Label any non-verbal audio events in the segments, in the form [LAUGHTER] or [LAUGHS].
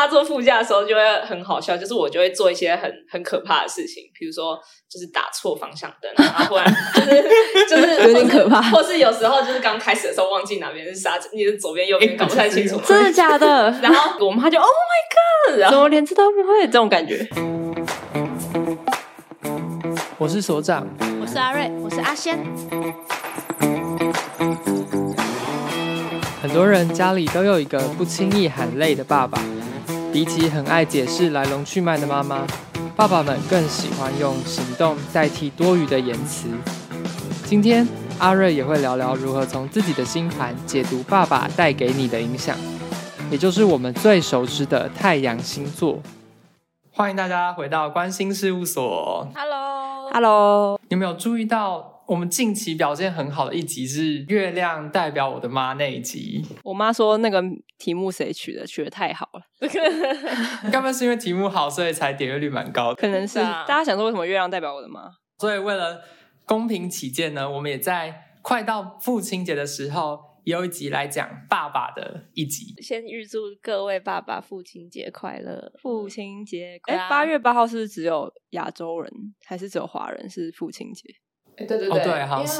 他坐副駕的時候就會很好笑，就是我就會做一些很很可怕的事情，比如說就是打錯方向燈，然後突然就是 [LAUGHS] 就是有點、就是、可怕或，或是有時候就是剛開始的時候忘記哪邊是剎車，你的左邊右邊搞不太清楚，欸、真的假的？ [LAUGHS] 然後我媽就 [LAUGHS] Oh my God，然後連這都不會？這種感覺。我是所長，我是阿瑞，我是阿仙。很多人家裡都有一個不輕易喊累的爸爸。比起很愛解釋來龍去脈的媽媽，爸爸們更喜歡用行動代替多餘的言辭。今天阿瑞也會聊聊如何從自己的星盤解讀爸爸帶給你的影響，也就是我們最熟知的太陽星座。歡迎大家回到關心事務所。Hello，Hello，Hello。有沒有注意到？我們近期表現很好的一集是《月亮代表我的媽》那一集。我媽說那個題目誰取的？取得太好了。是不 [LAUGHS] 是因為題目好，所以才點閱率蠻高的？可能是，是啊、大家想說為什麼月亮代表我的媽？所以為了公平起見呢，我們也在快到父親節的時候，有一集來講爸爸的一集。先預祝各位爸爸父親節快樂！父親節快樂。哎，八月八號是不是只有亞洲人，還是只有華人是父親節？對對對、oh, 對，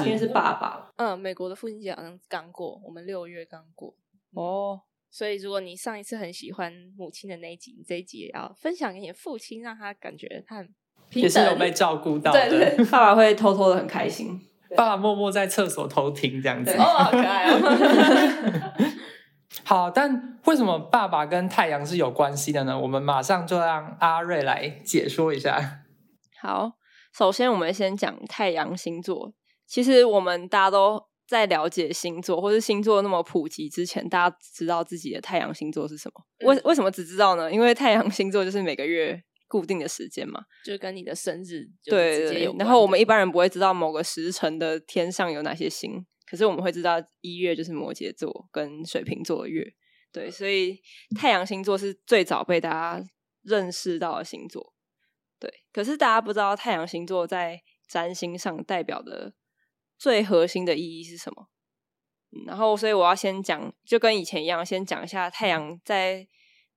因為是，是爸爸。嗯，美國的父親節好像剛過，我們六月剛過哦。Oh. 所以如果你上一次很喜歡母親的那一集，你這一集也要分享給你的父親，讓他感覺他很也是有被照顧到。對對，對爸爸會偷偷的很開心，爸爸默默在廁所偷聽這樣子。哦對，好可愛哦。好，但為什麼爸爸跟太陽是有關係的呢？我們馬上就讓阿瑞來解說一下。好。首先，我們先講太陽星座。其實，我們大家都在了解星座，或是星座那麼普及之前，大家知道自己的太陽星座是什麼？嗯、為為什麼只知道呢？因為太陽星座就是每個月固定的時間嘛，就跟你的生日對對。然後，我們一般人不會知道某個時辰的天上有哪些星，可是我們會知道一月就是摩羯座跟水瓶座的月。嗯、對，所以太陽星座是最早被大家認識到的星座。對，可是大家不知道太陽星座在占星上代表的最核心的意義是什麼。嗯、然後，所以我要先講，就跟以前一樣，先講一下太陽在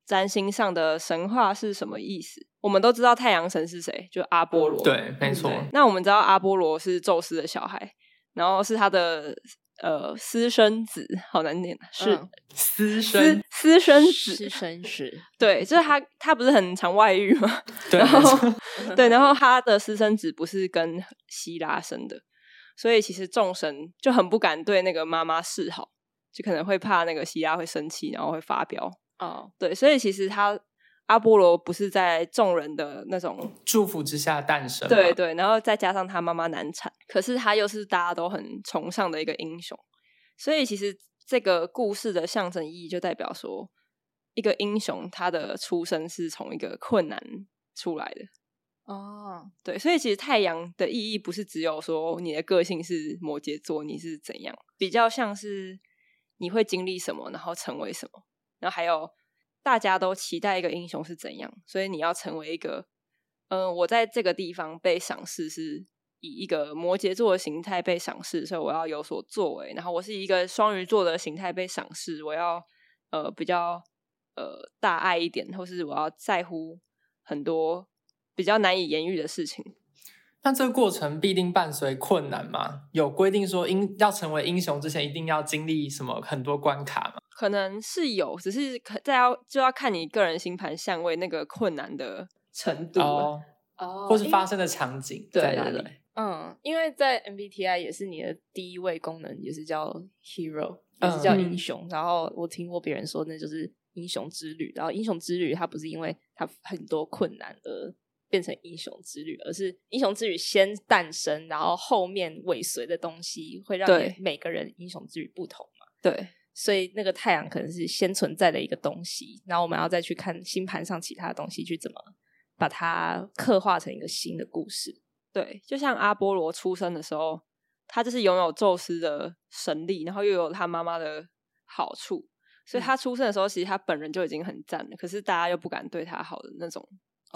占星上的神話是什麼意思。我們都知道太陽神是誰，就是、阿波羅、嗯。對，沒錯。那我們知道阿波羅是宙斯的小孩，然後是他的。.呃，私生子好難念、啊，是、嗯、私私，私生子，私生子，對，就是他，他不是很常外遇嗎？對、啊，然後 [LAUGHS] 對，然後他的私生子不是跟希拉生的，所以其實眾神就很不敢對那個媽媽示好，就可能會怕那個希拉會生氣，然後會發飆。哦、嗯，對，所以其實他。阿波羅不是在眾人的那種祝福之下誕生，對對，然後再加上他媽媽難產，可是他又是大家都很崇尚的一個英雄，所以其實這個故事的象徵意義就代表說，一個英雄他的出生是從一個困難出來的哦，oh. 對，所以其實太陽的意義不是只有說你的個性是摩羯座，你是怎樣，比較像是你會經歷什麼，然後成為什麼，然後還有。大家都期待一個英雄是怎樣，所以你要成為一個，嗯、呃，我在這個地方被賞識，是以一個摩羯座的形態被賞識，所以我要有所作為。然後我是一個雙魚座的形態被賞識，我要呃比較呃大愛一點，或是我要在乎很多比較難以言喻的事情。那這個過程必定伴隨困難嗎？有規定說，英要成為英雄之前，一定要經歷什麼很多關卡嗎？可能是有，只是再要就要看你個人星盤相位那個困難的程度，哦，哦或是發生的場景。欸、對對對，嗯，因為在 MBTI 也是你的第一位功能，也是叫 Hero，、嗯、也是叫英雄。嗯、然後我聽過別人說，那就是英雄之旅。然後英雄之旅，它不是因為它很多困難而。變成英雄之旅，而是英雄之旅先誕生，然後後面尾隨的東西會讓你每個人英雄之旅不同嘛？對，所以那個太陽可能是先存在的一個東西，然後我們要再去看星盤上其他東西，去怎麼把它刻畫成一個新的故事。對，就像阿波羅出生的時候，他就是擁有宙斯的神力，然後又有他媽媽的好處，所以他出生的時候其實他本人就已經很讚了，可是大家又不敢對他好的那種。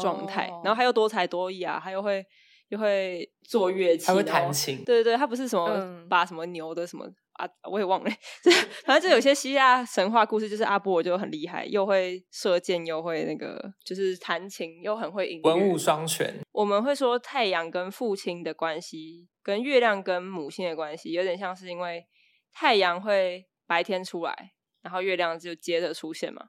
狀態，oh。然後他又多才多藝啊，他又會又會做樂器，還會彈琴。對對，他不是什麼把什麼牛的什麼、嗯、啊，我也忘了。這， [LAUGHS] 反正就有些希臘神話故事，就是阿波羅就很厲害，又會射箭，又會那個，就是彈琴，又很會音樂，文武雙全。我們會說太陽跟父親的關係，跟月亮跟母親的關係有點像是，因為太陽會白天出來，然後月亮就接着出現嘛。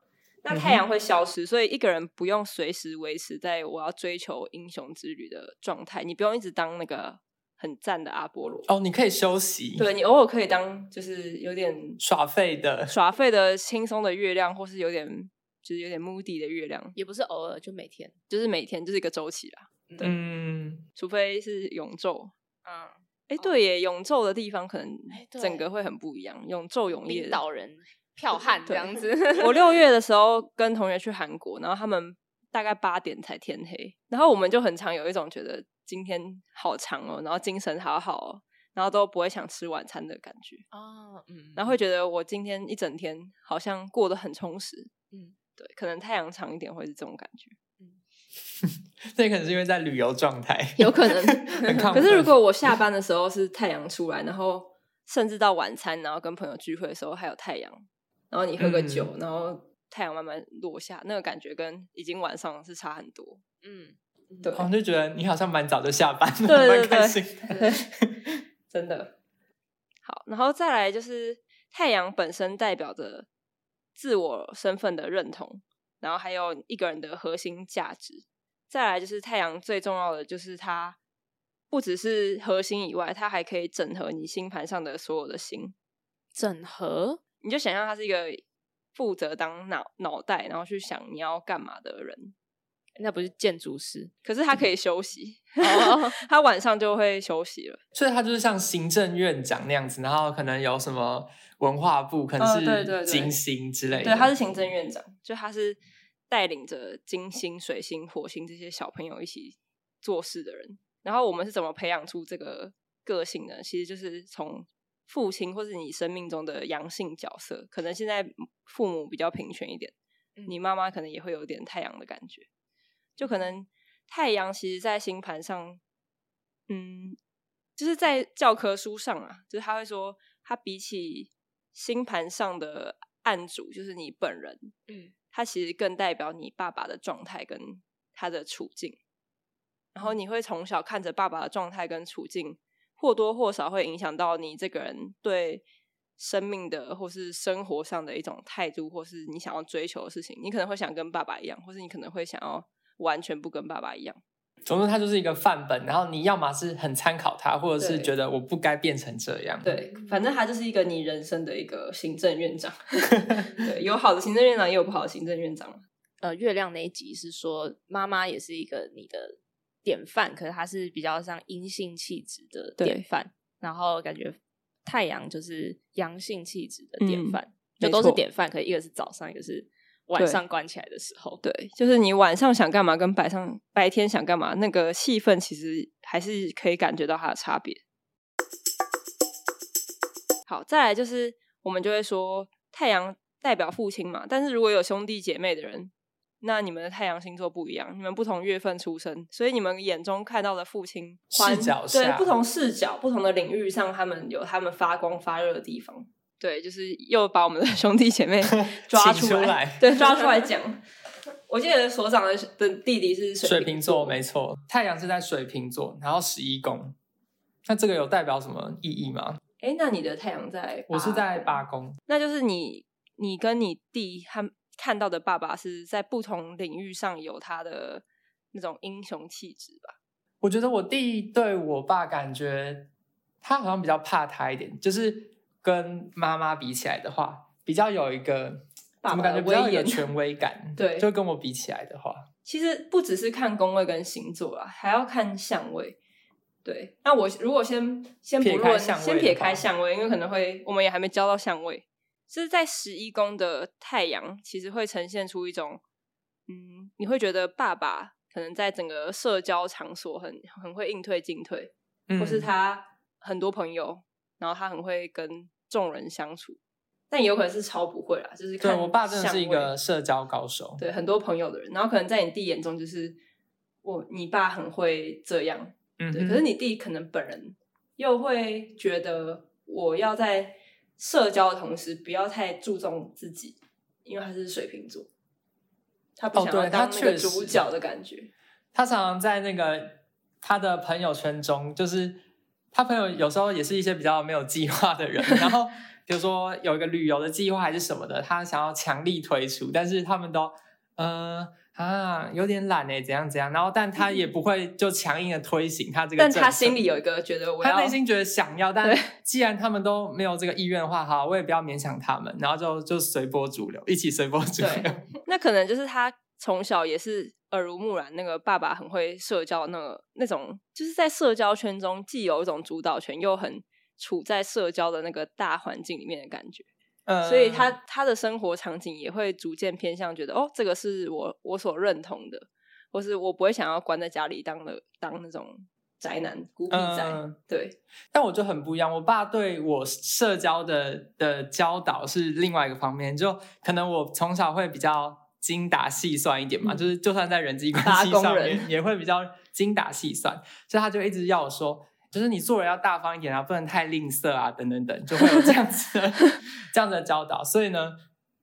那太陽會消失，所以一個人不用隨時維持在我要追求英雄之旅的狀態，你不用一直當那個很讚的阿波羅哦，你可以休息。對，你偶爾可以當就是有點耍廢的、耍廢的、輕鬆的、的月亮，或是有點就是有點 moody 的月亮，也不是偶爾，就每天就是每天就是一個周期啦，嗯，除非是永晝，嗯，哎、欸，對耶，永晝的地方可能整個會很不一樣，欸、永晝永夜老人。票汗這樣子對， [LAUGHS] 我六月的時候跟同學去韓國，然後他們大概八點才天黑，然後我們就很常有一種覺得今天好長哦，然後精神好好哦，然後都不會想吃晚餐的感覺、哦、嗯，然後會覺得我今天一整天好像過得很充實，嗯，對，可能太陽長一點會是這種感覺，嗯，這 [LAUGHS] 可能是因為在旅遊狀態， [LAUGHS] 有可能， [LAUGHS] [LAUGHS] 可是如果我下班的時候是太陽出來，然後甚至到晚餐，然後跟朋友聚會的時候還有太陽。然後你喝個酒，嗯、然後太陽慢慢落下，那個感覺跟已經晚上是差很多。嗯，對，我就覺得你好像蠻早就下班了，對對對對，蠻開心的，對對對，真的。好，然後再來就是太陽本身代表着自我身份的認同，然後還有一個人的核心價值。再來就是太陽最重要的就是它不只是核心以外，它還可以整合你星盤上的所有的星，整合。你就想象他是一個負責當腦腦袋，然後去想你要幹嘛的人，那不是建築師，可是，他可以休息，嗯、 [LAUGHS] 他晚上就會休息了。所以他就是像行政院長那樣子，然後可能有什麼文化部，可能是金星之類的，哦對對對。對，他是行政院長，就他是帶領着金星、水星、火星這些小朋友一起做事的人。然後我們是怎麼培養出這個個性的？其實就是從。父親或是你生命中的陽性角色，可能現在父母比較平權一點，嗯、你媽媽可能也會有點太陽的感覺，就可能太陽其實，在星盤上，嗯，就是在教科書上啊，就是他會說，他比起星盤上的案主，就是你本人，嗯，他其實更代表你爸爸的狀態跟他的處境，然後你會從小看着爸爸的狀態跟處境。或多或少會影響到你這個人對生命的，或是生活上的一種態度，或是你想要追求的事情。你可能會想跟爸爸一樣，或是你可能會想要完全不跟爸爸一樣。總之，他就是一個範本。然後你要麼是很參考他，或者是覺得我不該變成這樣。對，反正他就是一個你人生的一個行政院長。 [LAUGHS] 對，有好的行政院長，也有不好的行政院長。 [LAUGHS] 呃，月亮那一集是說媽媽也是一個你的。典範，可是它是比較像陰性氣質的典範，對然後感覺太陽就是陽性氣質的典範，嗯、就都是典範。錯可是一個是早上，一個是晚上關起來的時候，對，對，就是你晚上想幹嘛跟白上白天想幹嘛，那個氣氛其實還是可以感覺到它的差別。嗯、好，再來就是我們就會說太陽代表父親嘛，但是如果有兄弟姐妹的人。那你們的太陽星座不一樣，你們不同月份出生，所以你們眼中看到的父親視角對不同視角，不同的領域上，他們有他們發光發熱的地方。對，就是又把我們的兄弟姐妹抓出來，出來對，抓出來講。 [LAUGHS] 我記得所長的的弟弟是水瓶座，座，沒錯，太陽是在水瓶座，然後十一宮。那這個有代表什麼意義嗎？哎，欸，那你的太陽在，我是在八宮，那就是你，你跟你弟他們。看到的爸爸是在不同領域上有他的那種英雄氣質吧？我覺得我弟對我爸感覺他好像比較怕他一點，就是跟媽媽比起來的話，比較有一個爸爸的威嚴，怎麼感覺比較有權威感？對，就跟我比起來的話，其實不只是看宮位跟星座啊，還要看相位。對，那我如果先先不論先撇開相位，因為可能會我們也還沒交到相位。就是在十一宮的太陽，其實會呈現出一種，嗯，你會覺得爸爸可能在整個社交場所很很會應對進退，嗯、或是他很多朋友，然後他很會跟眾人相處，但也有可能是超不會啦，就是可能我爸真的是一個社交高手，對很多朋友的人，然後可能在你弟眼中就是我你爸很會這樣，對嗯哼，可是你弟可能本人又會覺得我要在。社交的同時不要太注重自己，因為他是水瓶座，他、哦、不想要當那個主角的感覺。他常常在那個他的朋友圈中，就是他朋友有時候也是一些比較沒有計劃的人，然後比如說有一個旅遊的計劃還是什麼的，他想要強力推出，但是他們都嗯。呃啊，有點懶哎，怎樣怎樣，然後但他也不會就強硬的推行他這個、嗯、但他心裡有一個覺得我要，他內心覺得想要，但既然他們都沒有這個意願的話，哈，我也不要勉強他們，然後就就隨波逐流，一起隨波逐流。對，那可能就是他從小也是耳濡目染，那個爸爸很會社交、那個，那個那種就是在社交圈中既有一種主導權，又很處在社交的那個大環境裡面的感覺。 [NOISE] 所以他他的生活場景也會逐漸偏向覺得，哦，這個是我我所認同的，或是我不會想要關在家裡當了當那種宅男孤僻宅，嗯、對。但我就很不一樣，我爸對我社交的的教導是另外一個方面，就可能我從小會比較精打細算一點嘛，嗯、就是就算在人際關係上也，也會比較精打細算，所以他就一直要我說。就是你做人要大方一點啊，不能太吝嗇啊，等等等，就會有這樣子的， [LAUGHS] 這樣子的教導。所以呢，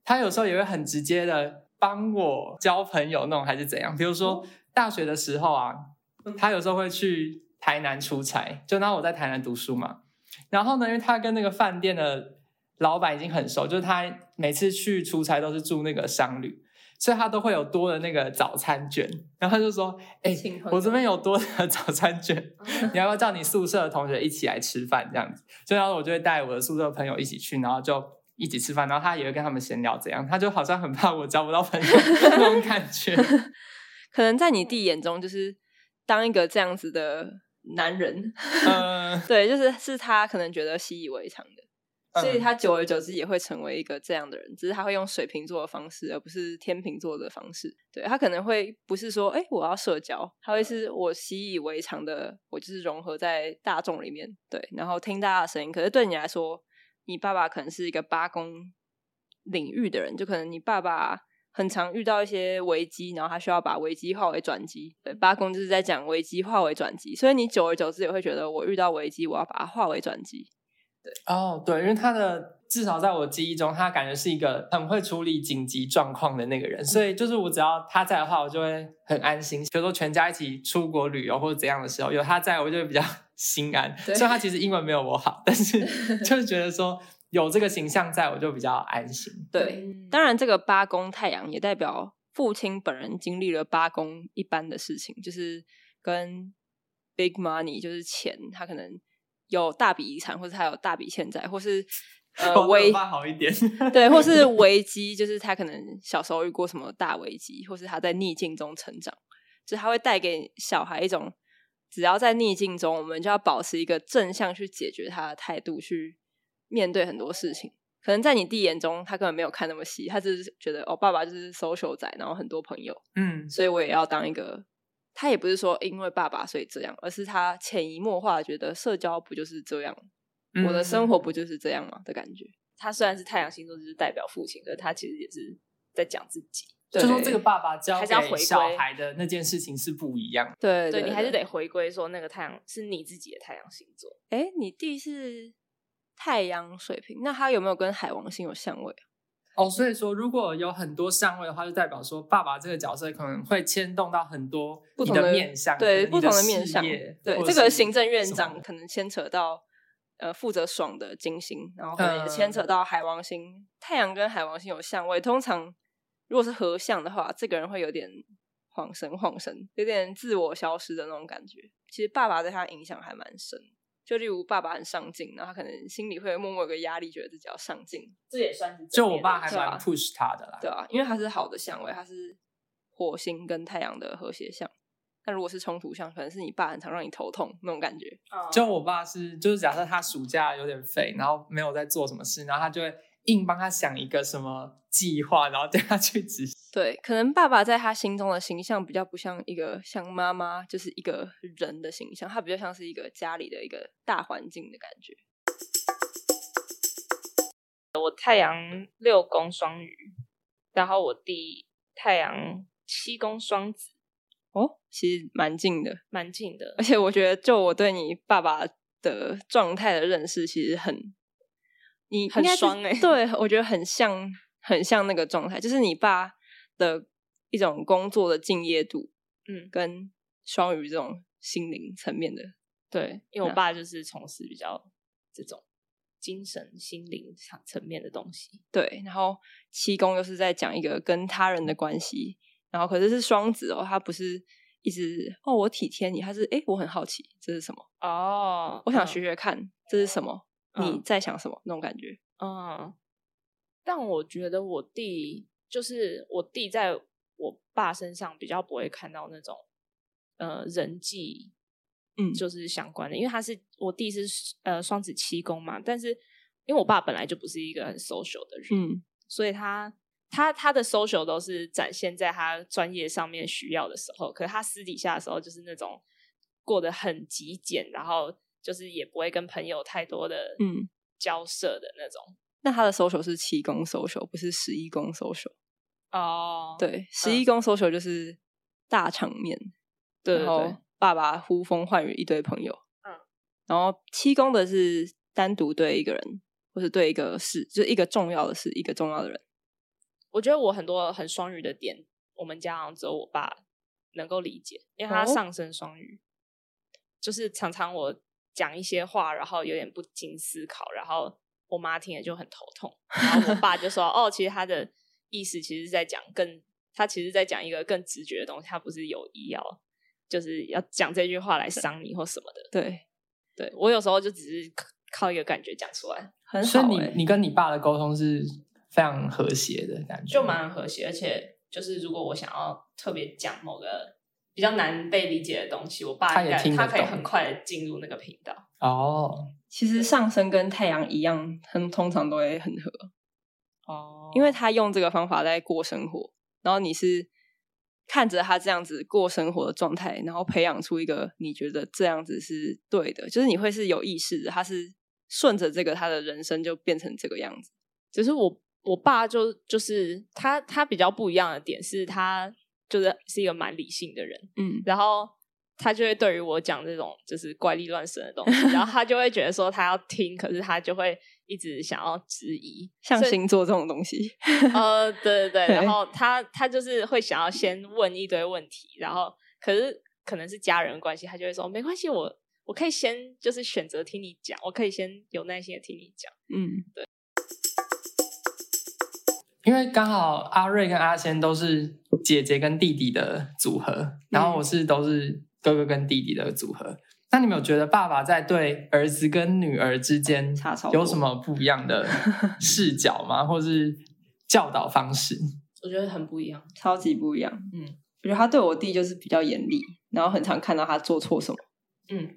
他有時候也會很直接的幫我交朋友，那種還是怎樣。比如說大學的時候啊，他有時候會去台南出差，就那我在台南讀書嘛。然後呢，因為他跟那個飯店的老板已經很熟，就是他每次去出差都是住那個商旅。所以他都會有多的那個早餐券，然後他就說：“哎、欸，我這邊有多的早餐券，你要不要叫你宿舍的同學一起來吃飯這樣子？”所以然後我就會帶我的宿舍的朋友一起去，然後就一起吃飯，然後他也會跟他們閒聊，這樣，他就好像很怕我交不到朋友 [LAUGHS] 那種感覺。可能在你弟眼中，就是當一個這樣子的男人，嗯， [LAUGHS] 對，就是是他可能覺得習以為常的。所以他久而久之也會成為一個這樣的人，嗯、只是他會用水瓶座的方式，而不是天秤座的方式。對，他可能會不是說，哎、欸，我要社交，他會是我習以為常的，我就是融合在大眾裡面，對，然後聽大家的聲音。可是對你來說，你爸爸可能是一個八宮領域的人，就可能你爸爸很常遇到一些危機，然後他需要把危機化為轉機。對，八宮就是在講危機化為轉機，所以你久而久之也會覺得，我遇到危機，我要把它化為轉機。哦，對，oh, 對，因為他的至少在我記憶中，他感覺是一個很會處理緊急狀況的那個人，嗯、所以就是我只要他在的話，我就會很安心。比如說全家一起出國旅遊或者怎樣的時候，有他在，我就會比較心安。對雖然他其實英文沒有我好，但是就是覺得說有這個形象在，我就比較安心。對，嗯、當然這個八宮太陽也代表父親本人經歷了八宮一般的事情，就是跟 big money，就是錢，他可能。有大筆遺產，或者他有大筆欠債，或是、呃、危好一點 [LAUGHS] 對，或是危機，就是他可能小時候遇過什麼大危機，或是他在逆境中成長，就他會帶給小孩一種，只要在逆境中，我們就要保持一個正向去解決他的態度，去面對很多事情。可能在你弟眼中，他根本沒有看那麼細，他只是覺得哦，爸爸就是 social 仔，然後很多朋友，嗯，所以我也要當一個。他也不是說因為爸爸所以這樣，而是他潛移默化覺得社交不就是這樣，嗯、我的生活不就是這樣嗎的感覺。嗯、他雖然是太陽星座，就是代表父親的，他其實也是在講自己，對，就說這個爸爸教給小孩的那件事情是不一樣。對，所以對對你還是得回歸說那個太陽是你自己的太陽星座。哎，你弟是太陽水瓶，那他有沒有跟海王星有相位、啊。哦，所以說，如果有很多相位的話，就代表說，爸爸這個角色可能會牽動到很多不同，不同的面相，對不同的面相。對，這個行政院長可能牽扯到呃負責爽的金星，然後牽扯到海王星。嗯、太陽跟海王星有相位，通常如果是合相的話，這個人會有點恍神、恍神，有點自我消失的那種感覺。其實爸爸對他影響還蠻深。就例如爸爸很上進，然後他可能心裡會默默有一個壓力，覺得自己要上進，這也算是。就我爸還蠻 push 他的啦，對、啊。對啊，因為他是好的相位，他是火星跟太陽的和諧相。對但如果是衝突相，可能是你爸很常讓你頭痛那種感覺。嗯、就我爸是，就是假設他暑假有點廢，然後沒有在做什麼事，然後他就會硬幫他想一個什麼計劃，然後帶他去執行。對，可能爸爸在他心中的形象比較不像一個像媽媽，就是一個人的形象，他比較像是一個家裡的一個大環境的感覺。我太陽六宮雙魚，然後我弟太陽七宮雙子，哦，其實蠻近的，蠻近的。而且我覺得，就我對你爸爸的狀態的認識，其實很你很雙哎、欸，對，我覺得很像，很像那個狀態，就是你爸。的一種工作的敬業度，嗯，跟雙魚這種心靈層面的，嗯、對，因為我爸就是從事比較這種精神、心靈層面的東西，對。然後七宮又是在講一個跟他人的關係，然後可是是雙子哦，他不是一直哦，我體貼你，他是哎，我很好奇這是什麼哦，我想學學看、嗯、這是什麼，你在想什麼、嗯、那種感覺，嗯。但我覺得我弟。就是我弟在我爸身上比較不會看到那種呃，人際嗯，就是相關的，嗯、因為他是我弟是呃雙子七宮嘛。但是因為我爸本來就不是一個很 social 的人，嗯、所以他他他的 social 都是展現在他專業上面需要的時候，可是他私底下的時候就是那種過得很極簡，然後就是也不會跟朋友太多的嗯交涉的那種。嗯那他的 social 是七公 social，不是十一公 social。哦。Oh, 對，十一、uh, 公 social 就是大場面，然後爸爸呼風喚雨，一堆朋友。嗯，uh, 然後七公的是單獨對一個人，或是對一個事，就是一個重要的事，一個重要的人。我覺得我很多很雙魚的點，我們家只有我爸能夠理解，因為他上升雙魚，oh? 就是常常我講一些話，然後有點不經思考，然後。我媽聽了就很頭痛，然後我爸就說：“ [LAUGHS] 哦，其實他的意思其實是在講更……他其實在講一個更直覺的東西，他不是有意要就是要講這句話來傷你或什麼的。嗯對。”對，對我有時候就只是靠一個感覺講出來，很好欸。所以你，你跟你爸的溝通是非常和諧的感覺，就蠻和諧。而且就是如果我想要特別講某個比較難被理解的東西，我爸他也聽，他可以很快的進入那個頻道哦。其實上升跟太陽一樣，很通常都會很合哦，oh. 因為他用這個方法在過生活，然後你是看着他這樣子過生活的狀態，然後培養出一個你覺得這樣子是對的，就是你會是有意識的，他是順着這個他的人生就變成這個樣子。只是我我爸就就是他他比較不一樣的點是，他就是是一個蠻理性的人，嗯，然後。他就會對於我講這種就是怪力亂神的東西，然後他就會覺得說他要聽， [LAUGHS] 可是他就會一直想要質疑，像星座這種東西。呃，對對對， [LAUGHS] 然後他他就是會想要先問一堆問題，然後可是可能是家人關係，他就會說沒關係，我我可以先就是選擇聽你講，我可以先有耐心的聽你講。嗯，對。因為剛好阿瑞跟阿仙都是姐姐跟弟弟的組合，嗯、然後我是都是。哥哥跟弟弟的組合，那你們有覺得爸爸在對兒子跟女兒之間有什麼不一樣的視角嗎？超 [LAUGHS] 或者是教導方式？我覺得很不一樣，超級不一樣。嗯，我覺得他對我弟就是比較嚴厲，嗯、然後很常看到他做錯什麼。嗯，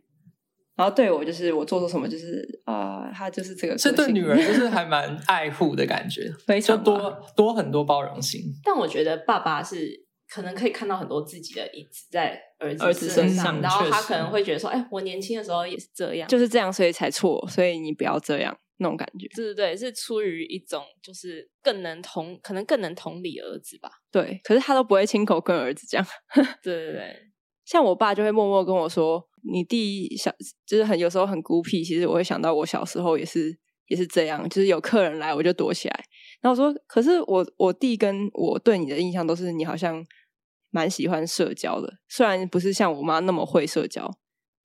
然後對我就是我做錯什麼，就是啊、呃，他就是這個，個。這對女兒就是還蠻愛護的感覺， [LAUGHS] 非常吧就多多很多包容心。但我覺得爸爸是。可能可以看到很多自己的，影子在兒子身上，子身上，然後他可能會覺得說：“哎、欸，我年輕的時候也是這樣，就是這樣，所以才錯，所以你不要這樣。”那種感覺，對對對，是出於一種就是更能同，可能更能同理兒子吧。對，可是他都不會親口跟兒子講。 [LAUGHS] 對對對，像我爸就會默默跟我說：“你弟小就是很有時候很孤僻。”其實我會想到我小時候也是也是這樣，就是有客人來我就躲起來。然後我說：“可是我我弟跟我對你的印象都是你好像。”蠻喜歡社交的，雖然不是像我媽那麼會社交。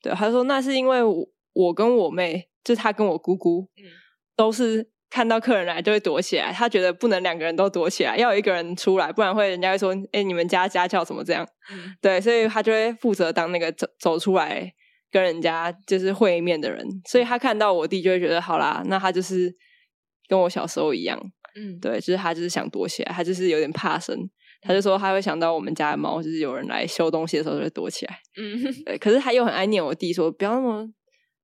對，她說那是因為我，我跟我妹，就她跟我姑姑，嗯，都是看到客人來就會躲起來。她覺得不能兩個人都躲起來，要一個人出來，不然會人家會說，哎，你們家家教怎麼這樣？嗯，對，所以她就會負責當那個走走出來跟人家就是會面的人。所以她看到我弟就會覺得好啦，那她就是跟我小時候一樣，嗯，對，就是她就是想躲起來，她就是有點怕生。他就說他會想到我們家的貓，就是有人來修東西的時候會躲起來。嗯哼，可是他又很愛念我弟說，說不要那麼，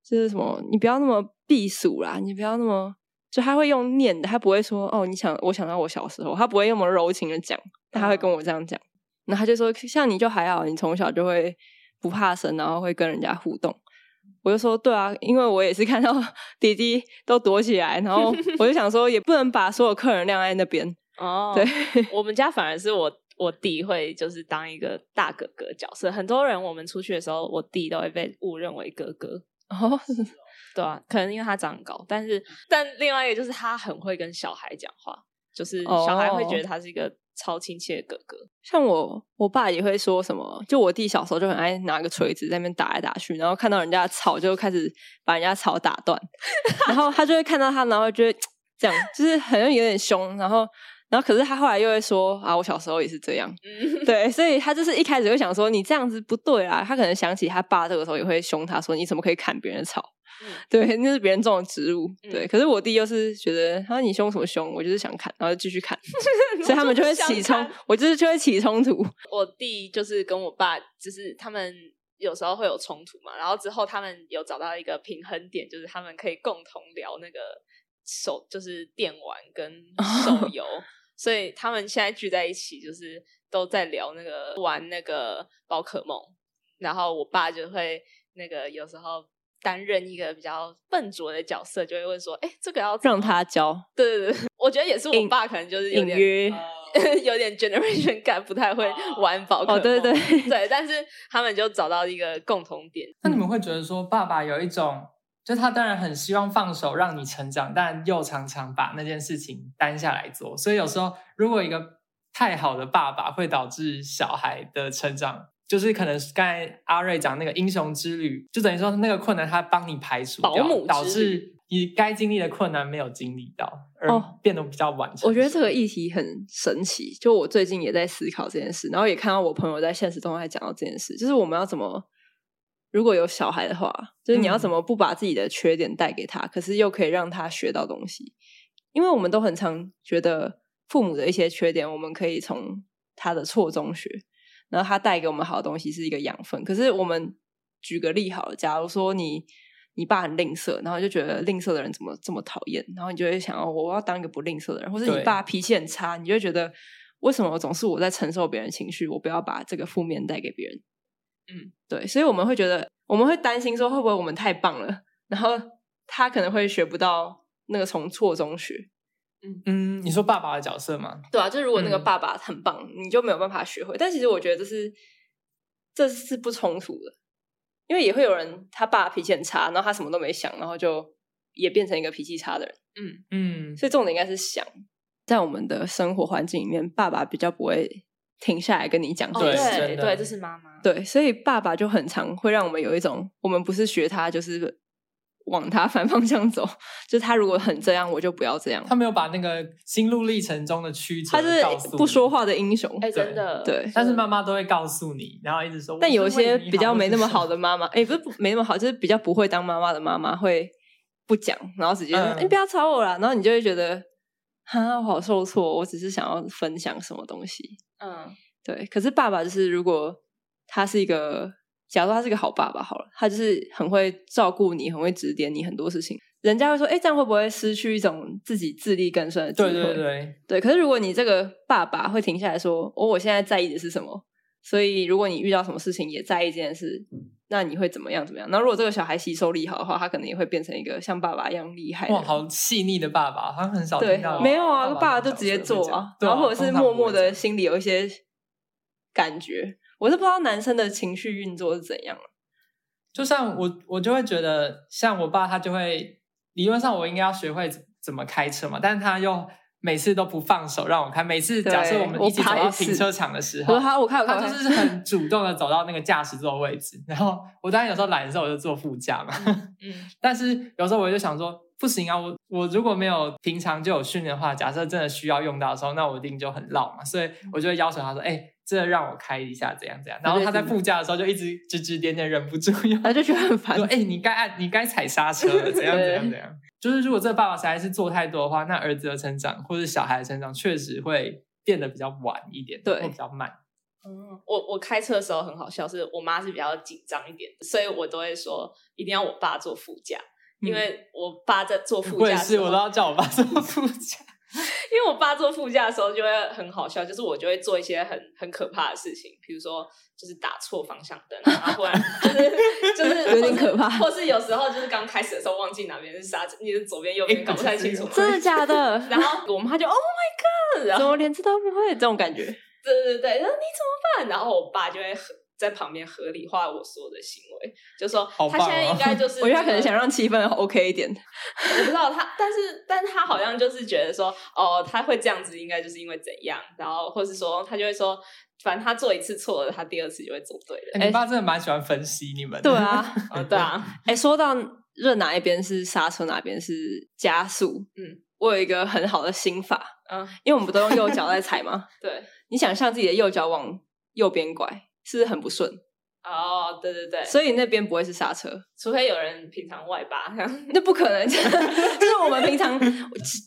就是什麼，你不要那麼避暑啦，你不要那麼。就他會用念的，他不會說哦，你想我想到我小時候，他不會那麼柔情的講，他會跟我這樣講。那、哦、他就說，像你就還好，你從小就會不怕生，然後會跟人家互動。我就說對啊，因為我也是看到弟弟都躲起來，然後我就想說也不能把所有客人晾在那邊。 [LAUGHS] 哦，oh, 對 [LAUGHS] 我們家反而是我我弟會就是當一個大哥哥的角色，很多人我們出去的時候，我弟都會被誤認為哥哥。Oh, 哦， [LAUGHS] 對啊，可能因為他長高，但是但另外一個就是他很會跟小孩講話，就是小孩會覺得他是一個超親切的哥哥。Oh, 像我我爸也會說什麼，就我弟小時候就很愛拿個錘子在那邊打來打去，然後看到人家的草就開始把人家草打斷， [LAUGHS] 然後他就會看到他，然後就會這樣就是好像有點凶，然後。然後，可是他後來又會說啊，我小時候也是這樣，嗯、對，所以他就是一開始會想說你這樣子不對啊。他可能想起他爸這個時候也會兇他說，你怎麼可以砍別人的草？嗯、對，那是別人種的植物。嗯、對，可是我弟又是覺得他說、啊、你兇什麼兇？我就是想砍，然後就繼續砍，嗯、所以他們就會起衝， [LAUGHS] 我，就想我就是就會起衝突。我弟就是跟我爸就是他們有時候會有衝突嘛，然後之後他們有找到一個平衡點，就是他們可以共同聊那個手，就是電玩跟手遊。哦。所以他們現在聚在一起，就是都在聊那個玩那個寶可夢，然後我爸就會那個有時候擔任一個比較笨拙的角色，就會問說：“哎、欸，這個要讓他教？”對對對，我覺得也是，我爸可能就是有點 In, [LAUGHS] 有點 generation 感，不太會玩寶可夢。哦、對對對, [LAUGHS] 對，但是他們就找到一個共同點。嗯、那你們會覺得說，爸爸有一種？就他當然很希望放手讓你成長，但又常常把那件事情擔下來做。所以有時候，如果一個太好的爸爸會導致小孩的成長，就是可能剛才阿瑞講那個英雄之旅，就等於說那個困難他幫你排除掉，保姆導致你該經歷的困難沒有經歷到，而變得比較晚。哦，我覺得這個議題很神奇，就我最近也在思考這件事，然後也看到我朋友在現實中還講到這件事，就是我們要怎麼。如果有小孩的話，就是你要怎麼不把自己的缺點帶給他，嗯、可是又可以讓他學到東西。因為我們都很常覺得父母的一些缺點，我們可以從他的錯中學，然後他帶給我們好的東西是一個養分。可是我們舉個例好了，假如說你你爸很吝嗇，然後就覺得吝嗇的人怎麼這麼討厭，然後你就會想哦，我要當一個不吝嗇的人，或是你爸脾氣很差，對你就覺得為什麼總是我在承受別人情緒，我不要把這個負面帶給別人。嗯，對，所以我們會覺得，我們會擔心說，會不會我們太棒了，然後他可能會學不到那個從錯中學。嗯嗯，你說爸爸的角色嗎？對啊，就如果那個爸爸很棒，嗯。你就沒有辦法學會。但其實我覺得這是這是不衝突的，因為也會有人他爸脾氣很差，然後他什麼都沒想，然後就也變成一個脾氣差的人。嗯嗯，嗯所以重點應該是想在我們的生活環境裡面，爸爸比較不會。停下來跟你講，對對，對，這是媽媽。對，所以爸爸就很常會讓我們有一種，我們不是學他，就是往他反方向走。就是他如果很這樣，我就不要這樣。他沒有把那個心路歷程中的曲折，他是不說話的英雄。哎、欸，真的對。對，是的，但是媽媽都會告訴你，然後一直說。但有些比較沒那麼好的媽媽，哎、 [LAUGHS] 欸，不是沒那麼好，就是比較不會當媽媽的媽媽會不講，然後直接說，你、嗯欸、不要吵我啦，然後你就會覺得。哈、啊，我好受挫。我只是想要分享什麼東西。嗯，對。可是爸爸就是，如果他是一個，假如他是一個好爸爸，好了，他就是很會照顧你，很會指點你很多事情。人家會說，哎，這樣會不會失去一種自己自力更生的機會？對對對。對，可是如果你這個爸爸會停下來說，哦，我現在在意的是什麼？所以，如果你遇到什麼事情，也在意這件事。那你會怎麼樣？怎麼樣？那如果這個小孩吸收力好的話，他可能也會變成一個像爸爸一樣厲害。哇，好細膩的爸爸，好像很少聽到。對沒有啊，爸爸，爸就直接做啊，啊然後或者是默默的心裡有一些感覺。我是不知道男生的情緒運作是怎樣、啊、就像我，我就會覺得，像我爸，他就會理論上我應該要學會怎麼開車嘛，但是他又。每次都不放手讓我開，每次假設我們一起走到停車場的時候，好，我開我。 [LAUGHS] 他就是很主動的走到那個駕駛座位置，然後我當然有時候懶的時候我就坐副駕嘛。嗯，但是有時候我就想說，不行啊，我我如果沒有平常就有訓練的話，假設真的需要用到的時候，那我一定就很繞嘛，所以我就會要求他說，哎、欸。這讓我開一下，這樣這樣，然後他在副駕的時候就一直指指點點，忍不住， [LAUGHS] 他就覺得很煩，說：“哎、欸，你該按，你該踩剎車了，怎樣怎樣怎樣。 [LAUGHS] 對”就是如果這個爸爸實在是做太多的話，那兒子的成長或者小孩的成長確實會變得比較晚一點，對，比較慢。嗯，我我開車的時候很好笑，是我媽是比較緊張一點，所以我都會說一定要我爸坐副駕，因為我爸在坐副駕，我、嗯、是，我都要叫我爸坐副駕。因為我爸坐副駕的時候就會很好笑，就是我就會做一些很很可怕的事情，比如說就是打錯方向燈，然後忽然就是 [LAUGHS] 就是有點可怕或，或是有時候就是剛開始的時候忘記哪邊是剎車，你的左邊右邊搞不太清楚，欸、 [LAUGHS] 真的假的？然後我媽就 [LAUGHS] Oh my God，然後怎麼連這都不會？這種感覺，對對對，然後你怎麼辦？然後我爸就會很。在旁邊合理化我說的行為，就說他現在應該就是、這個，好棒喔、我覺得他可能想讓氣氛 OK 一點， [LAUGHS] 我不知道他，但是，但他好像就是覺得說，哦，他會這樣子，應該就是因為怎樣，然後，或是說，他就會說，反正他做一次錯了，他第二次就會做對了。欸欸、你爸真的蠻喜歡分析你們，對啊， [LAUGHS] 啊對，對啊。哎、欸，說到熱哪一邊是剎車，哪邊是加速？嗯，我有一個很好的心法，嗯，因為我們不都用右腳在踩嗎？ [LAUGHS] 對，你想象自己的右腳往右邊拐。是很不順哦，對對對，所以那邊不會是剎車，除非有人平常外八，那不可能，就是我們平常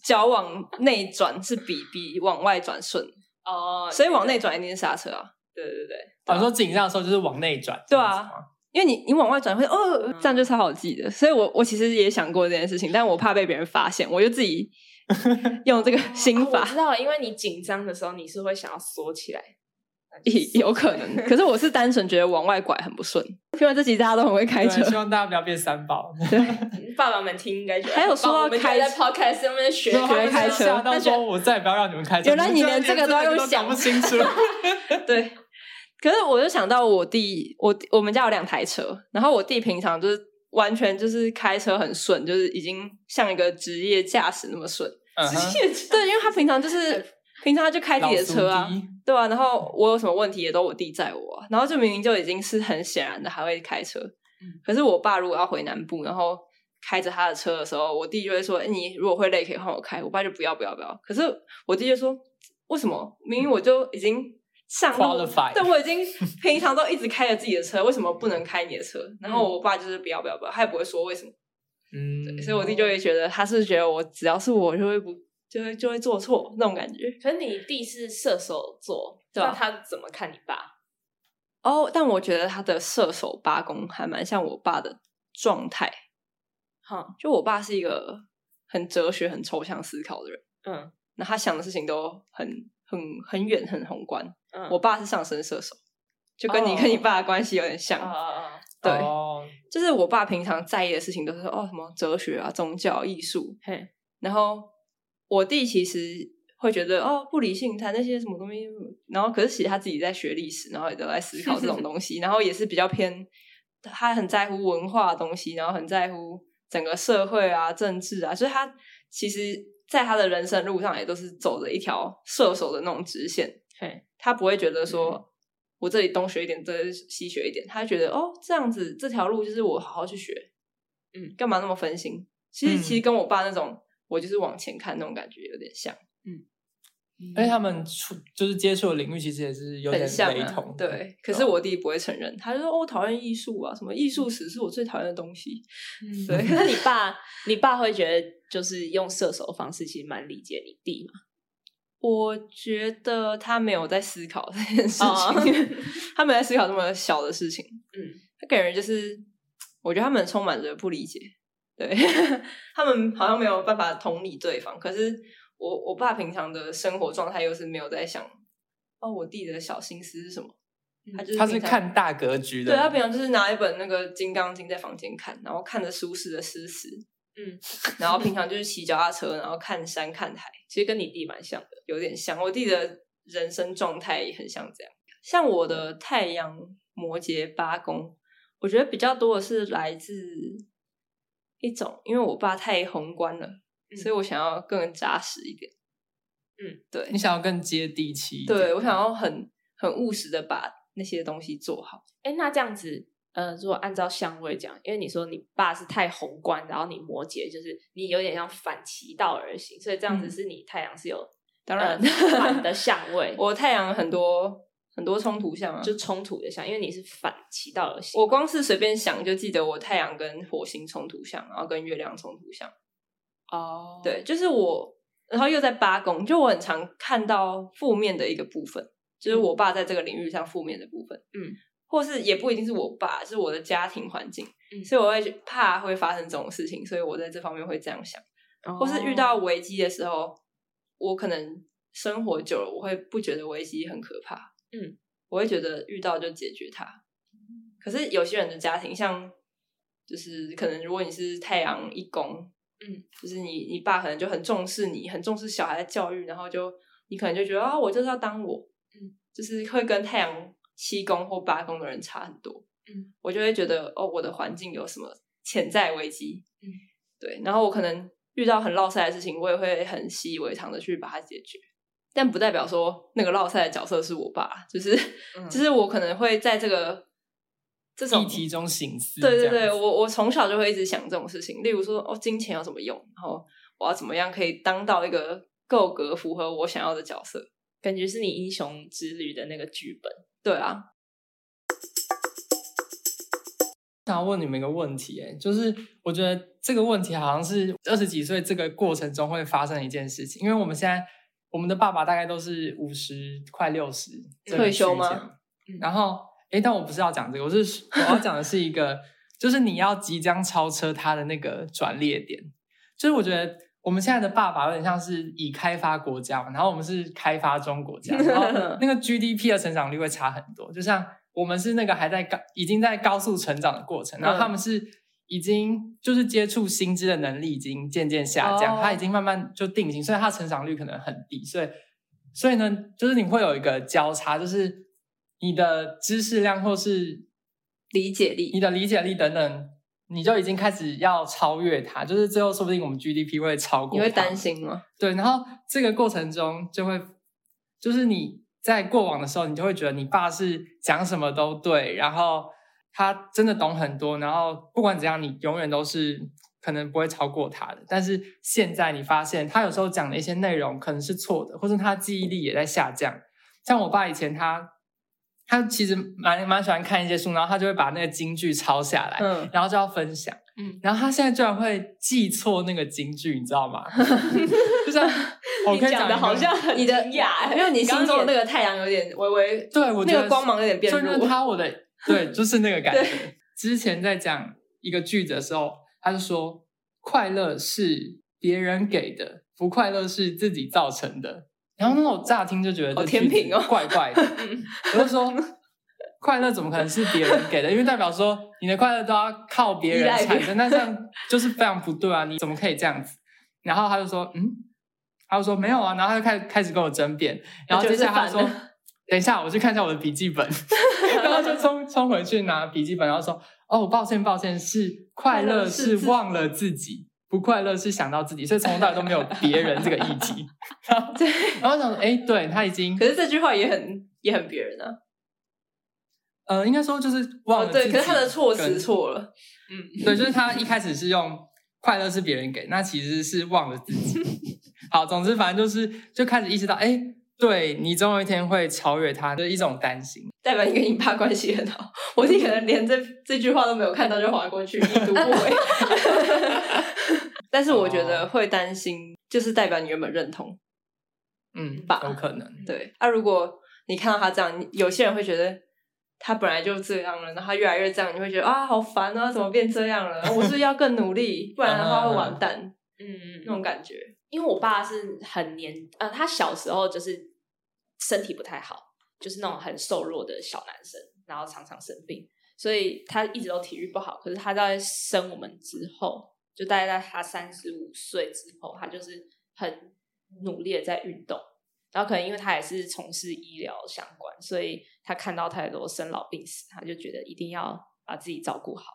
腳往內轉是比比往外轉順哦，所以往內轉一定是剎車啊，對對對，我說緊張的時候就是往內轉，對啊，因為你你往外轉會哦，這樣就超好記得，所以我我其實也想過這件事情，但我怕被別人發現，我就自己用這個心法，知道，因為你緊張的時候你是會想要縮起來。也有可能， [LAUGHS] 可是我是單純覺得往外拐很不順。聽完這集，大家都很會開車，希望大家不要變三寶對。、嗯，爸爸們聽應該還有說要開在 Podcast 上面學學會開車，但說我再也不要讓你們開車。原來你連這個都要用想不清楚？對，可是我就想到我弟，我我們家有兩台車，然後我弟平常就是完全就是開車很順，就是已經像一個職業駕駛那麼順。職、嗯、哼業。對，因為他平常就是。 [LAUGHS] 平常他就開自己的車啊，對啊，然後我有什麼問題也都我弟載我，啊，然後就明明就已經是很顯然的還會開車，可是我爸如果要回南部，然後開着他的車的時候，我弟就會說：“你如果會累，可以換我開。”我爸就不要不要不要。可是我弟就說：“為什麼？明明我就已經上路，對但我已經平常都一直開着自己的車，為什麼不能開你的車？”然後我爸就是不要不要不要，他也不會說為什麼。嗯，所以我弟就會覺得他是覺得我只要是我就會不。就會就會做錯那種感覺。可是你弟是射手座，對啊，那他怎麼看你爸？哦，oh, 但我覺得他的射手八宮還蠻像我爸的狀態。好，Huh. 就我爸是一個很哲學、很抽象思考的人。嗯，那他想的事情都很、很、很遠、很宏觀。嗯，我爸是上升射手，就跟你跟你爸的關係有點像。啊啊啊！對，oh. 就是我爸平常在意的事情都是哦什麼哲學啊、宗教、藝術。嘿，Hey. 然後。我弟其實會覺得哦不理性他那些什麼東西，然後可是，其實他自己在學歷史，然後也都在思考這種東西，是是是，然後也是比較偏，他很在乎文化的東西，然後很在乎整個社會啊、政治啊，所以他其實在他的人生路上也都是走着一條射手的那種直線，對他不會覺得說、嗯、我這裡東學一點，這裡西學一點，他覺得哦這樣子這條路就是我好好去學，嗯，幹嘛那麼分心？其實、嗯、其實跟我爸那種。我就是往前看，那種感覺有點像，嗯，嗯，而且他們處就是接觸的領域，其實也是有點像、啊。對。對對，可是我弟不會承認，他就說：“哦、我討厭藝術啊，什麼藝術史是我最討厭的東西。嗯”對。那你爸，你爸會覺得就是用射手的方式，其實蠻理解你弟嘛？我覺得他沒有在思考這件事情，哦、他沒有在思考這麼小的事情。嗯，他給人就是，我覺得他們充滿着不理解。對他們好像沒有辦法同理對方，可是我我爸平常的生活狀態又是沒有在想哦，我弟的小心思是什麼？嗯、他就是他是看大格局的，對他平常就是拿一本那個《金剛經》在房間看，然後看着舒適的詩詞，嗯，然後平常就是騎腳踏車，然後看山看海。其實跟你弟蠻像的，有點像我弟的人生狀態也很像這樣。像我的太陽摩羯八宮，我覺得比較多的是來自。一種，因為我爸太宏觀了，嗯、所以我想要更扎實一點。嗯，對，你想要更接地氣。對，我想要很很務實的把那些東西做好。哎、欸，那這樣子，呃，如果按照相位講，因為你說你爸是太宏觀，然後你摩羯就是你有點像反其道而行，所以這樣子是你太陽是有、嗯、當然、呃、反的相位。 [LAUGHS] 我太陽很多。很多衝突相啊，就衝突的相，因為你是反其道而行。我光是隨便想就記得我太陽跟火星衝突相，然後跟月亮衝突相。哦，oh. 對，就是我，然後又在八宮，就我很常看到負面的一個部分，就是我爸在這個領域上負面的部分。嗯，mm. 或是也不一定是我爸，是我的家庭環境，mm. 所以我會怕會發生這種事情，所以我在這方面會這樣想，oh. 或是遇到危機的時候，我可能生活久了，我會不覺得危機很可怕。嗯，我會覺得遇到就解決它。嗯、可是有些人的家庭，像就是可能如果你是太陽一宮，嗯，就是你你爸可能就很重視你，很重視小孩的教育，然後就你可能就覺得啊、哦，我就是要當我，嗯，就是會跟太陽七宮或八宮的人差很多，嗯，我就會覺得哦，我的環境有什麼潛在危機，嗯，對，然後我可能遇到很落晒的事情，我也會很習以為常的去把它解決。但不代表說那個落賽的角色是我爸，就是、嗯、就是我可能會在這個這種議題中省思。對對對，我我從小就會一直想這種事情。例如說，哦，金錢要怎麼用？然後我要怎麼樣可以當到一個夠格、符合我想要的角色？感覺是你英雄之旅的那個劇本。對啊，想問你們一個問題，哎，就是我覺得這個問題好像是二十幾歲這個過程中會發生的一件事情，因為我們現在。我們的爸爸大概都是五十快六十退休嗎？然後，哎，但我不是要講這個，我是我要講的是一個， [LAUGHS] 就是你要即將超車他的那個轉捩點。就是我覺得我們現在的爸爸有點像是已開發國家，然後我們是開發中國家，然後那個 GDP 的成長率會差很多。就像我們是那個還在高，已經在高速成長的過程，然後他們是。已經就是接觸新知的能力已經漸漸下降，oh. 他已經慢慢就定型，所以他的成長率可能很低。所以，所以呢，就是你會有一個交叉，就是你的知識量或是理解力，你的理解力等等，你就已經開始要超越他。就是最後，說不定我們 GDP 會超過。你會擔心嗎？對，然後這個過程中就會，就是你在過往的時候，你就會覺得你爸是講什麼都對，然後。他真的懂很多，然後不管怎樣，你永遠都是可能不會超過他的。但是現在你發現，他有時候講的一些內容可能是錯的，或是他記憶力也在下降。像我爸以前他，他他其實蠻蠻喜歡看一些書，然後他就會把那個金句抄下來，嗯、然後就要分享。嗯、然後他現在居然會記錯那個金句，你知道嗎？ [LAUGHS] [LAUGHS] 就是你講的，好像很你的呀，因為你心中那個太陽，有點微微對，我那個光芒有點變弱。就是他我的。 [LAUGHS] 對，就是那個感覺。對之前在講一個句子的時候，他就說：“快樂是別人給的，不快樂是自己造成的。”然後那種乍聽就覺得好甜品哦，怪怪的。哦、 [LAUGHS] 我就說：“快樂怎麼可能是別人給的？因為代表說你的快樂都要靠別人產生，那 [LAUGHS] 這樣就是非常不對啊！你怎麼可以這樣子？”然後他就說：“嗯。”他就說：“沒有啊。”然後他就開始開始跟我爭辯。然後接下來他說。等一下，我去看一下我的筆記本， [LAUGHS] 然後就衝衝 [LAUGHS] 回去拿筆記本，然後說：“哦，抱歉，抱歉，是快樂是忘了自己，不快樂是想到自己，所以從來都沒有別人這個議題。”對，然後想：“哎，對他已經……可是這句話也很也很別人啊。”呃，應該說就是忘了、哦、對，可是他的措辭錯了。跟嗯，對，就是他一開始是用“快樂是別人給”，那其實是忘了自己。 [LAUGHS] 好，總之反正就是就開始意識到，哎、欸。對你總有一天會超越他的，就是，一種擔心，代表你跟你爸關係很好。我弟可能連這這句話都沒有看到就滑過去，已讀不回。但是我覺得會擔心，就是代表你原本認同？嗯，吧，有可能。對，那、啊，如果你看到他這樣，有些人會覺得他本來就這樣了，然後越來越這樣，你會覺得啊，好煩啊，怎麼變這樣了？我是要更努力， [LAUGHS] 不然的話會完蛋。嗯嗯，那種感覺。因為我爸是很年，呃，他小時候就是身體不太好，就是那種很瘦弱的小男生，然後常常生病，所以他一直都體育不好。可是他在生我們之後，就大概在他三十五歲之後，他就是很努力的在運動。然後可能因為他也是從事醫療相關，所以他看到太多生老病死，他就覺得一定要把自己照顧好。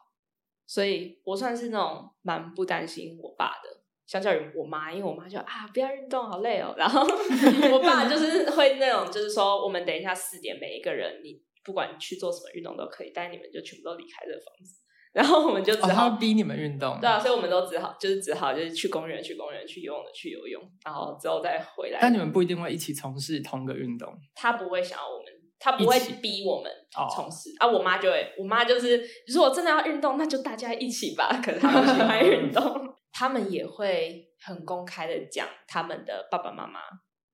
所以我算是那種蠻不擔心我爸的。相較於我媽，因為我媽就啊不要運動，好累哦。然後我爸就是會那種，就是說 [LAUGHS] 我們等一下四點，每一個人你不管去做什麼運動都可以，但你們就全部都離開這個房子。然後我們就只好、哦、逼你們運動，對啊，所以我們都只好就是只好就是去公，去公園、去公園、去游泳、去游泳，然後之後再回來。但你們不一定會一起從事同個運動。他不會想要我們，他不會逼我們從事、oh. 啊。我媽就會，我媽就是如果真的要運動，那就大家一起吧。可是他不喜歡運動。 [LAUGHS] 他們也會很公開的講他們的爸爸媽媽，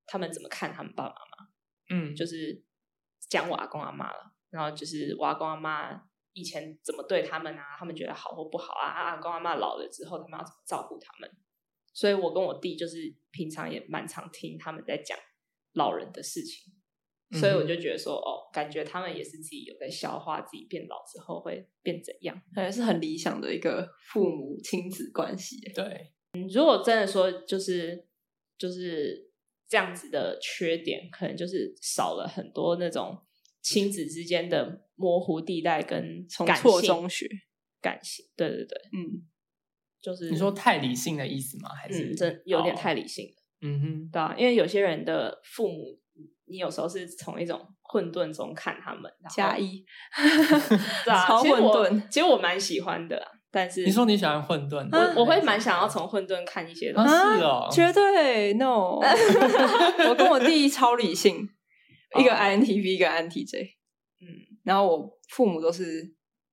他們怎麼看他們爸爸媽媽？嗯，就是講我阿公阿媽了，然後就是我阿公阿媽以前怎麼對他們啊，他們覺得好或不好啊，啊阿公阿媽老了之後，他們要怎麼照顧他們。所以，我跟我弟就是平常也蠻常聽他們在講老人的事情。所以我就覺得說，哦，感覺他們也是自己有在消化自己變老之後會變怎樣，還是很理想的一個父母親子關係。對、嗯，如果真的說就是就是這樣子的缺點，可能就是少了很多那種親子之間的模糊地帶跟從錯中學感性，對對對，嗯，就是你說太理性的意思嗎？還是、嗯、真有點太理性了？哦、嗯哼，對啊，因為有些人的父母。你有時候是從一種混沌中看他們加一，超混沌。其實我蠻喜歡的，但是你說你喜歡混沌，我我會蠻想要從混沌看一些東西。是哦，絕對 no。我跟我弟超理性，一個 INTV，一個 INTJ。嗯，然後我父母都是，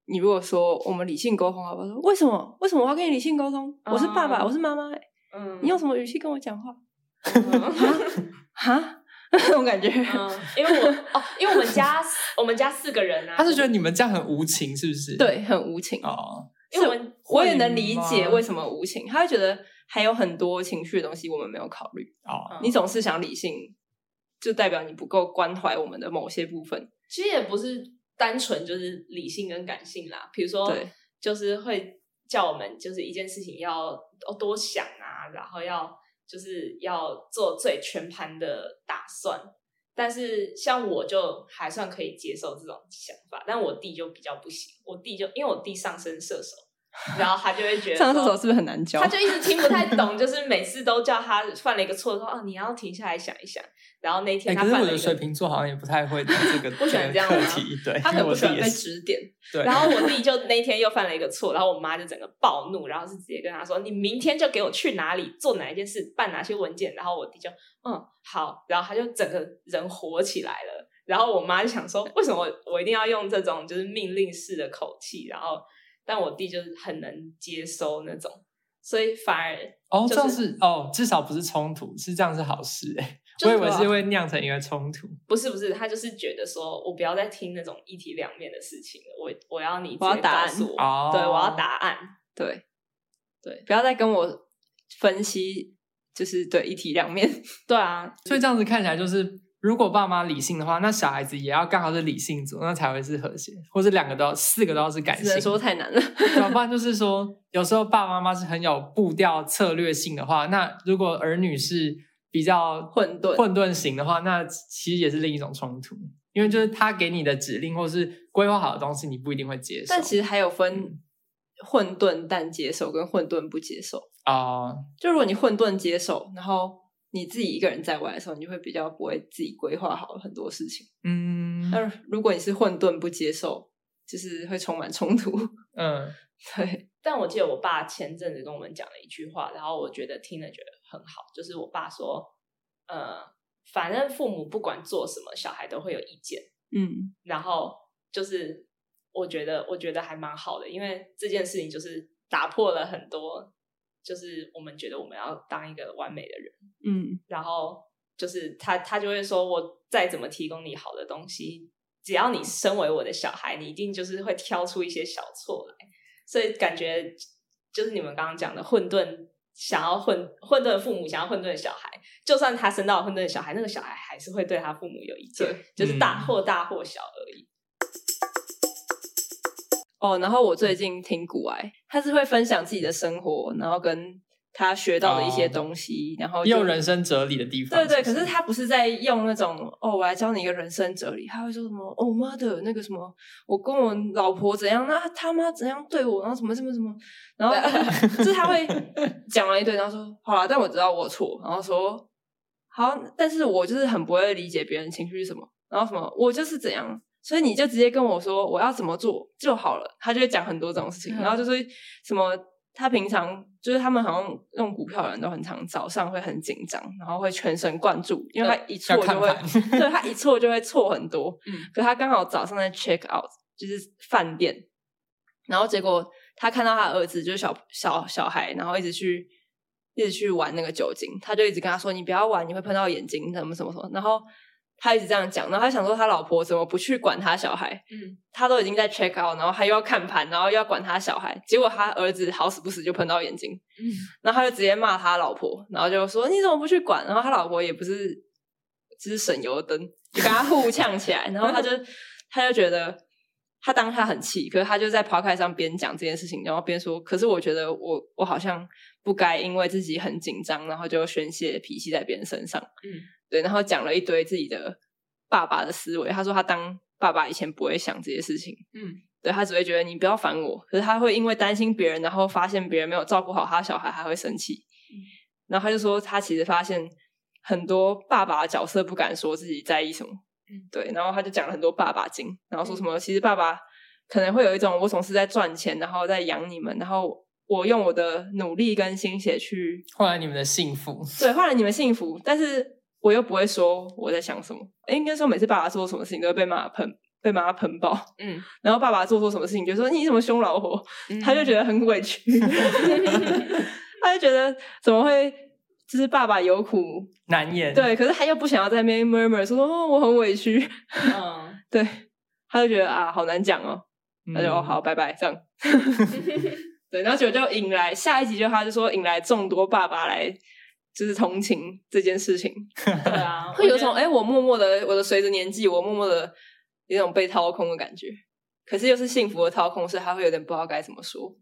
你如果說我們理性溝通好不好？說為什麼？為什麼我要跟你理性溝通？我是爸爸，我是媽媽。嗯，你用什麼語氣跟我講話？啊！那種 [LAUGHS] 感覺、嗯，因為我 [LAUGHS] 哦，因為我們家 [LAUGHS] 我們家四個人啊，他是覺得你們這樣很無情，是不是？對，很無情哦。因為我們嗎我也能理解為什麼無情，他會覺得還有很多情緒的東西我們沒有考慮哦。你總是想理性，嗯、就代表你不夠關懷我們的某些部分。其實也不是單純就是理性跟感性啦，比如說對就是會叫我們就是一件事情要多想啊，然後要。就是要做最全盤的打算，但是像我就還算可以接受這種想法，但我弟就比較不行，我弟就因為我弟上升射手。然後他就會覺得上廁所是不是很難教？他就一直聽不太懂，就是每次都叫他犯了一個錯， [LAUGHS] 說啊，你要停下來想一想。然後那天他犯了一個，欸、我的水瓶座好像也不太會這個， [LAUGHS] 不喜歡這樣的題， [LAUGHS] 對，他很不喜歡被指點。是是對，然後我弟就那天又犯了一個錯，然後我媽就整個暴怒，然後是直接跟他說：“ [LAUGHS] 你明天就給我去哪裡做哪一件事，辦哪些文件。”然後我弟就嗯，好，然後他就整個人火起來了。然後我媽就想說：“為什麼我一定要用這種就是命令式的口氣？”然後。但我弟就是很能接收那種，所以反而、就是、哦，這樣是哦，至少不是衝突，是這樣是好事哎。啊、我以為是會釀成一個衝突，不是不是，他就是覺得說我不要再聽那種一體兩面的事情，我我要你直接告訴我。我，對，我要答案，對對，不要再跟我分析，就是對一體兩面對啊，所以這樣子看起來就是。嗯如果爸媽理性的話，那小孩子也要剛好是理性組，那才會是和諧，或是兩個都要，四個都要是感性。說太難了， [LAUGHS] 要不然就是說，有時候爸爸媽媽是很有步調策略性的話，那如果兒女是比較混沌混沌型的話，那其實也是另一種衝突，因為就是他給你的指令或是規劃好的東西，你不一定會接受。但其實還有分混沌但接受跟混沌不接受啊，嗯、就如果你混沌接受，然後。你自己一個人在外的時候，你就會比較不會自己規劃好很多事情。嗯，那如果你是混沌不接受，就是會充滿衝突。嗯，對。但我記得我爸前陣子跟我們講了一句話，然後我覺得聽了覺得很好，就是我爸說：“呃，反正父母不管做什麼，小孩都會有意見。”嗯，然後就是我覺得我覺得還蠻好的，因為這件事情就是打破了很多。就是我們覺得我們要當一個完美的人，嗯，然後就是他他就會說，我再怎麼提供你好的東西，只要你身為我的小孩，你一定就是會挑出一些小錯來。所以感覺就是你們剛剛講的混沌，想要混混沌的父母想要混沌的小孩，就算他生到混沌的小孩，那個小孩還是會對他父母有意見，嗯、就是大或大或小而已。哦，然後我最近聽古愛，他是會分享自己的生活，然後跟他學到的一些東西，哦、然後用人生哲理的地方。對對，可是他不是在用那種對對哦，我來教你一個人生哲理。他會說什麼哦媽的那個什麼，我跟我老婆怎樣，那他媽怎樣對我，然後什麼什麼什麼，然後就是對、啊、就他會講完一堆，然後說好了，但我知道我有錯，然後說好，但是我就是很不會理解別人情緒是什麼，然後什麼我就是怎樣。所以你就直接跟我說我要怎麼做就好了，他就會講很多這種事情，然後就是什麼他平常就是他們好像用股票的人都很常早上會很緊張，然後會全神貫注，因為他一錯就會，所以他一錯就會錯很多。可他剛好早上在 check out，就是飯店，然後結果他看到他兒子就是小小小孩，然後一直去一直去玩那個酒精，他就一直跟他說：“你不要玩，你會噴到眼睛什麼什麼什麼。”然後。他一直這樣講，然後他想說他老婆怎麼不去管他小孩，嗯、他都已經在 check out，然後他又要看盤，然後又要管他小孩，結果他兒子好死不死就噴到眼睛，嗯、然後他就直接罵他老婆，然後就說你怎麼不去管？然後他老婆也不是只、就是省油燈，就跟他互嗆起來， [LAUGHS] 然後他就他就覺得。他當他很氣，可是他就在 Podcast 上邊講這件事情，然後邊說，可是我覺得我我好像不該因為自己很緊張，然後就宣洩脾氣在別人身上。嗯，對，然後講了一堆自己的爸爸的思維。他說他當爸爸以前不會想這些事情。嗯，對，他只會覺得你不要煩我。可是他會因為擔心別人，然後發現別人沒有照顧好他的小孩，還會生氣。嗯，然後他就說，他其實發現很多爸爸的角色不敢說自己在意什麼。嗯，對，然後他就講了很多爸爸經，然後說什麼、嗯、其實爸爸可能會有一種我總是在賺錢，然後在養你們，然後我，我，我用我的努力跟心血去換來你們的幸福，對，換來你們幸福，但是我又不會說我在想什麼，應該說每次爸爸做什麼事情都會被媽媽噴，被媽媽噴爆，嗯，然後爸爸做錯什麼事情就說你怎麼凶老婆，嗯、他就覺得很委屈， [LAUGHS] [LAUGHS] [LAUGHS] 他就覺得怎麼會。就是爸爸有苦難言，對，可是他又不想要在那邊 murmur 說，說哦，我很委屈，嗯， [LAUGHS] 對，他就覺得啊，好難講哦，那就、嗯、哦，好，拜拜，這樣， [LAUGHS] 對，然後就就引來下一集，就他就說引來眾多爸爸來，就是同情這件事情，對啊，會有種，誒我、欸、我默默的，我的隨着年紀，我默默的有一種被掏空的感覺，可是又是幸福的掏空，是他會有點不知道該怎麼說。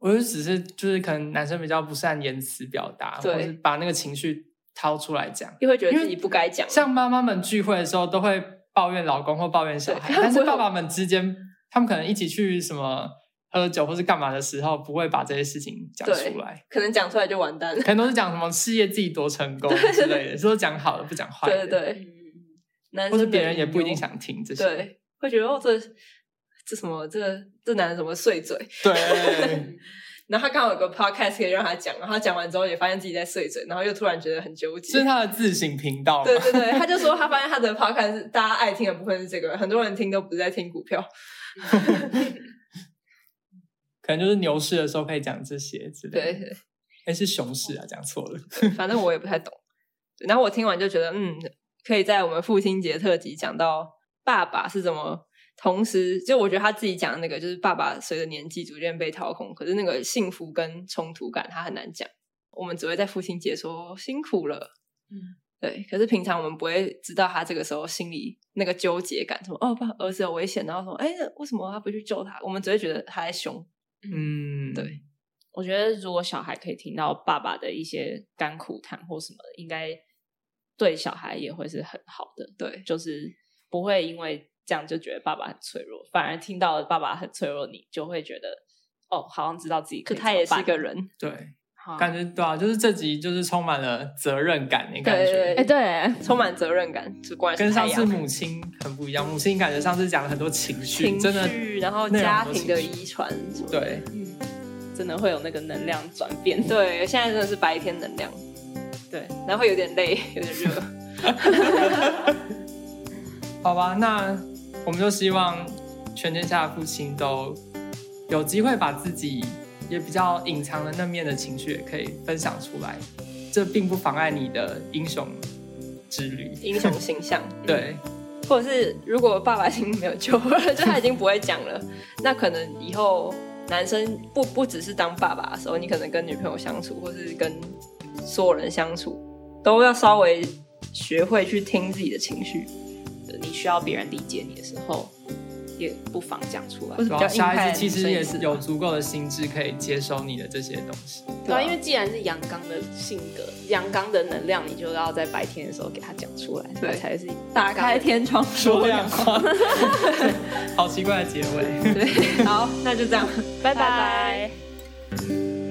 我就只是就是，可能男生比較不善言辭表達，對或者是把那個情緒掏出來講，又會覺得自己不該講。像媽媽們聚會的時候，都會抱怨老公或抱怨小孩，對但是爸爸們之間，他們可能一起去什麼喝酒或是幹嘛的時候，不會把這些事情講出來。可能講出來就完蛋了。可能都是講什麼事業自己多成功之類的，說講對好的，不講壞的。對對對，男生或是別人也不一定想聽這些，對會覺得哦這。這什麼？這這男的怎麼碎嘴？對。 [LAUGHS] 然後他剛好有個 podcast 可以讓他講，然後他講完之後也發現自己在碎嘴，然後又突然覺得很糾結。是他的自省頻道。對對對，他就說他發現他的 podcast 是 [LAUGHS] 大家愛聽的部分是這個，很多人聽都不是在聽股票， [LAUGHS] 可能就是牛市的時候可以講這些之類的。的哎對、欸，是熊市啊，講錯了。反正我也不太懂。 [LAUGHS] 然後我聽完就覺得，嗯，可以在我們父親節特輯講到爸爸是怎麼。同時，就我覺得他自己講的那個，就是爸爸隨着年紀逐漸被掏空，可是那個幸福跟衝突感他很難講。我們只會在父親節說辛苦了，嗯，對。可是平常我們不會知道他這個時候心裡那個糾結感，什麼哦，爸，兒子有危險，然後說哎，為什麼他不去救他？我們只會覺得他在凶，嗯，對。我覺得如果小孩可以聽到爸爸的一些甘苦談或什麼，應該對小孩也會是很好的。對，就是不會因為。這樣就覺得爸爸很脆弱，反而聽到爸爸很脆弱，你就會覺得哦，好像知道自己可他也是一個人，對，感覺對啊，就是這集就是充滿了責任感，你感覺哎，對，充滿責任感，跟上次母親很不一樣，母親感覺上次講了很多情緒，情緒，然後家庭的遺傳，對，真的會有那個能量轉變，對，現在真的是白天能量，對，然後會有點累，有點熱，好吧，那。我們就希望全天下的父親都有機會把自己也比較隱藏的那面的情緒也可以分享出來，這並不妨礙你的英雄之旅、英雄形象。 [LAUGHS] 對，或者是如果爸爸已經沒有救了，就他已經不會講了， [LAUGHS] 那可能以後男生不不只是當爸爸的時候，你可能跟女朋友相處，或是跟所有人相處，都要稍微學會去聽自己的情緒。你需要別人理解你的時候，也不妨講出來，的下一次其實也是有足夠的心智可以接收你的這些東西。對，啊對啊，因為既然是陽剛的性格、陽剛的能量，你就要在白天的時候給他講出來，對，所以才是打開天窗說亮話。好奇怪的結尾。對，好，那就這樣，拜拜。 [LAUGHS]